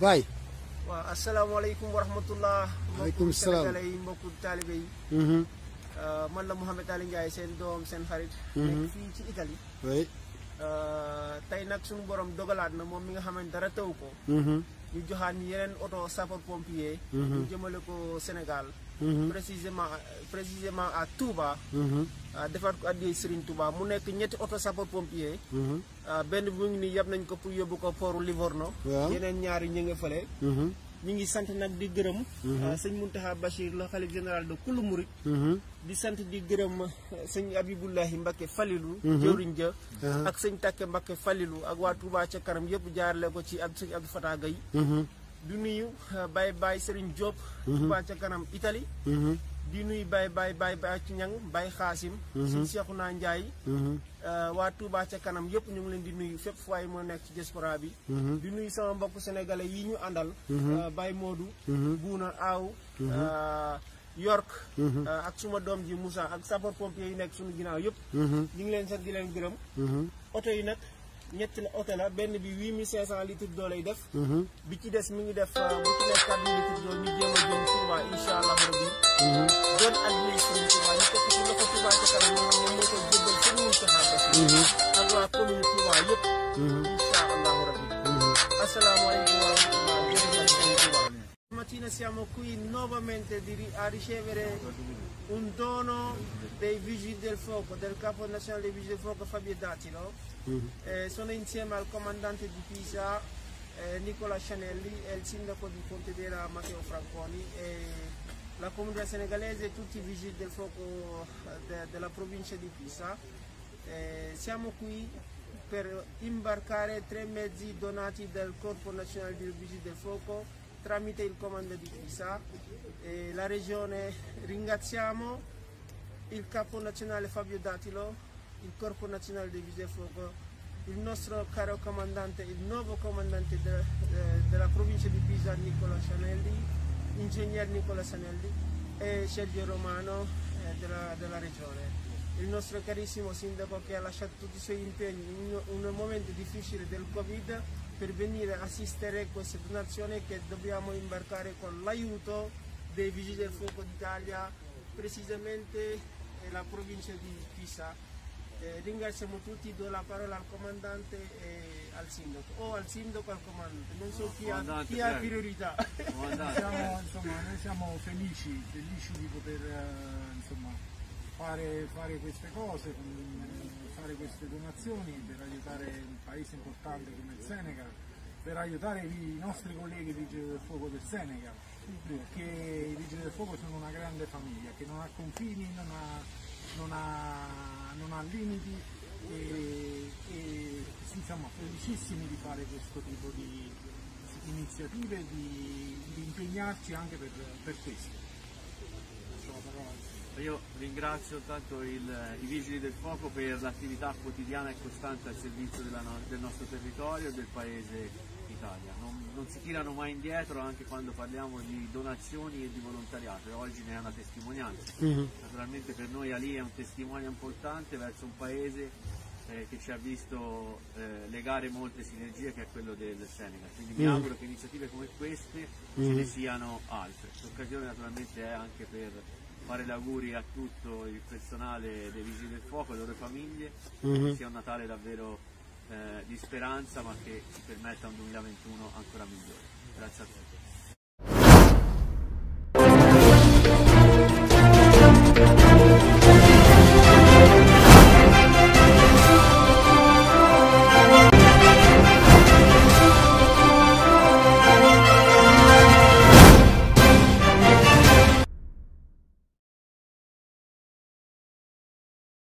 Baye. waaw asalaamaaleykum wa rahmatullah. waaleykum salaam mbokku sénégalais yi yi. Mm-hmm. Uh, man la Mouhamed Ali Ndiaye seen doom seen xarit. Mm-hmm. nekk fii ci Italie. oui. Uh, tey nag suñu borom dogalaat na moom mi nga xam dara taw ko. Mm-hmm. ñu joxaat ñu yeneen oto sapeur pompier. ñu jëmale ko Sénégal. Mhm. précisément précisément à Touba. Mhm. Ah, defaat ko addiyee Serigne Touba mu nekk ñetti oto sapeur pompier. Mhm. Ah, benn bu ngi nii yab nañ ko pour yóbbu ko pooru Livorno. yeneen ñaari ñu ngi ñu ngi sant nag di gërëm. Ah, sëñ Mountakha Bachir la xalif général de Kulu Murit. di sant di gërëm sëñ Abibullahi Mbakke Falilu. jëwriñ ja uh-huh. ak sañ Takke Mbakke Falilu ak waa Touba ca kanam yëpp jaarale ko ci ak sëñ Abdou Fatah du nuyu euh, Baye Baye sëriñ Diop. Mhm. Touba ca kanam Italie. Mhm. di nuyu Baye Baye baay Baye ci ñang Baye Xaasim. suñu naa Njaay. waa Touba ca kanam yëpp ñu ngi leen di nuyu fépp waaye moo nekk ci diaspora bi. Mhm. di nuyu sama mbokk sénégalais yi ñu àndal. Euh, Baye Modou. Buuna Aaw. Euh, York. ak suma doom ji musa ak sapeur pompier yi nekk suñu ginnaaw yëpp. ñu ngi leen sant di leen gërëm. oto yi nag. ñetti na oto la benn bi huit mille cinq cent litres doo lay def. Mhm. bi ci des mi ngi def euh, bu ci nekk quatre mille litres doo ñu jéem a jëm Touba incha allah rabbi. Mhm. doon administré Touba ñu fekk ci loxo Touba ca kanam ñoom ñoom ñoo koy jébbal seen mhm. allah rabbi. asalaamaaleykum wa rahmatulah jërëjëf Touba. Stamattina siamo qui nuovamente a ricevere un dono dei Vigili del Fuoco, del Capo Nazionale dei Vigili del Fuoco Fabio Datilo. Mm-hmm. Eh, sono insieme al comandante di Pisa eh, Nicola Scianelli e il sindaco di Pontedera Matteo Franconi e la comunità senegalese e tutti i Vigili del Fuoco eh, de della provincia di Pisa. Eh, siamo qui per imbarcare tre mezzi donati dal Corpo Nazionale dei Vigili del Fuoco tramite il comando di Pisa. E la regione ringraziamo il capo nazionale Fabio Datilo, il corpo nazionale dei Vigili del Fuoco, il nostro caro comandante, il nuovo comandante de, de, della provincia di Pisa Nicola Sanelli, ingegner Nicola Sanelli e Sergio Romano eh, della, della regione il nostro carissimo sindaco che ha lasciato tutti i suoi impegni in un momento difficile del Covid per venire a assistere a questa donazione che dobbiamo imbarcare con l'aiuto dei Vigili del Fuoco d'Italia, precisamente la provincia di Pisa. Eh, ringraziamo tutti, do la parola al comandante e al sindaco, o al sindaco e al comandante, non so chi, ha, chi ha priorità. siamo, insomma, noi siamo felici, felici di poter eh, insomma, fare, fare queste cose, eh, fare queste donazioni per aiutare un paese importante come il Senegal, per aiutare i nostri colleghi Vigili del Fuoco del Senegal, perché i Vigili del Fuoco sono una grande famiglia che non ha confini, non ha, non ha, non ha limiti e, e siamo felicissimi di fare questo tipo di iniziative, di, di impegnarci anche per, per questo. Io ringrazio tanto il, eh, i Vigili del Fuoco per l'attività quotidiana e costante al servizio della, del nostro territorio e del Paese Italia. Non, non, si tirano mai indietro anche quando parliamo di donazioni e di volontariato e oggi ne è una testimonianza. Mm -hmm. Naturalmente per noi Ali è un testimone importante verso un Paese eh, che ci ha visto eh, legare molte sinergie che è quello del Senegal. Quindi mm. mi mhm. auguro che iniziative come queste mm. ce ne mhm. siano altre. L'occasione naturalmente è anche per fare gli auguri a tutto il personale dei Vigili del Fuoco, alle loro famiglie, mm-hmm. che sia un Natale davvero eh, di speranza ma che ci permetta un 2021 ancora migliore. Grazie a tutti.